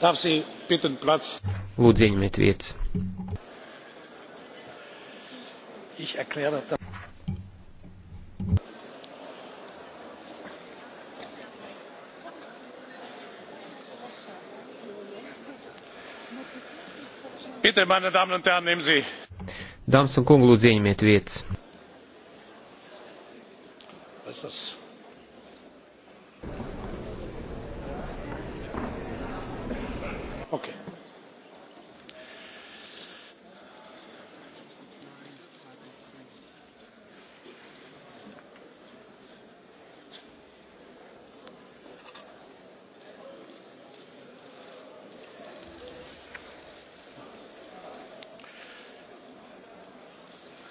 Darf Sie bitten, Platz. Lūdzu, ieņemiet vietas. Ich erkläre das. Bitte, meine Damen und Herren, nehmen Sie Dāmas un kungi, lūdzu, ieņemiet vietas. Es esmu.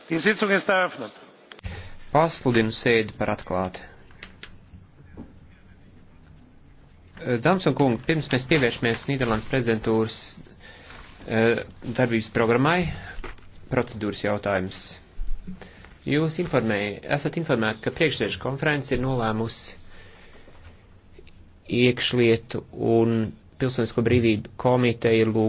Die Sitzung ist eröffnet. Pasludinu sēdi par atklāti. Dāmas un kungi, pirms mēs pievēršamies Nīderlandes prezidentūras darbības programmai, procedūras jautājums. Jūs informēja, esat informēti, ka priekšsēžu konferences ir nolēmusi iekšlietu un pilsonisko brīvību komiteja lūgt.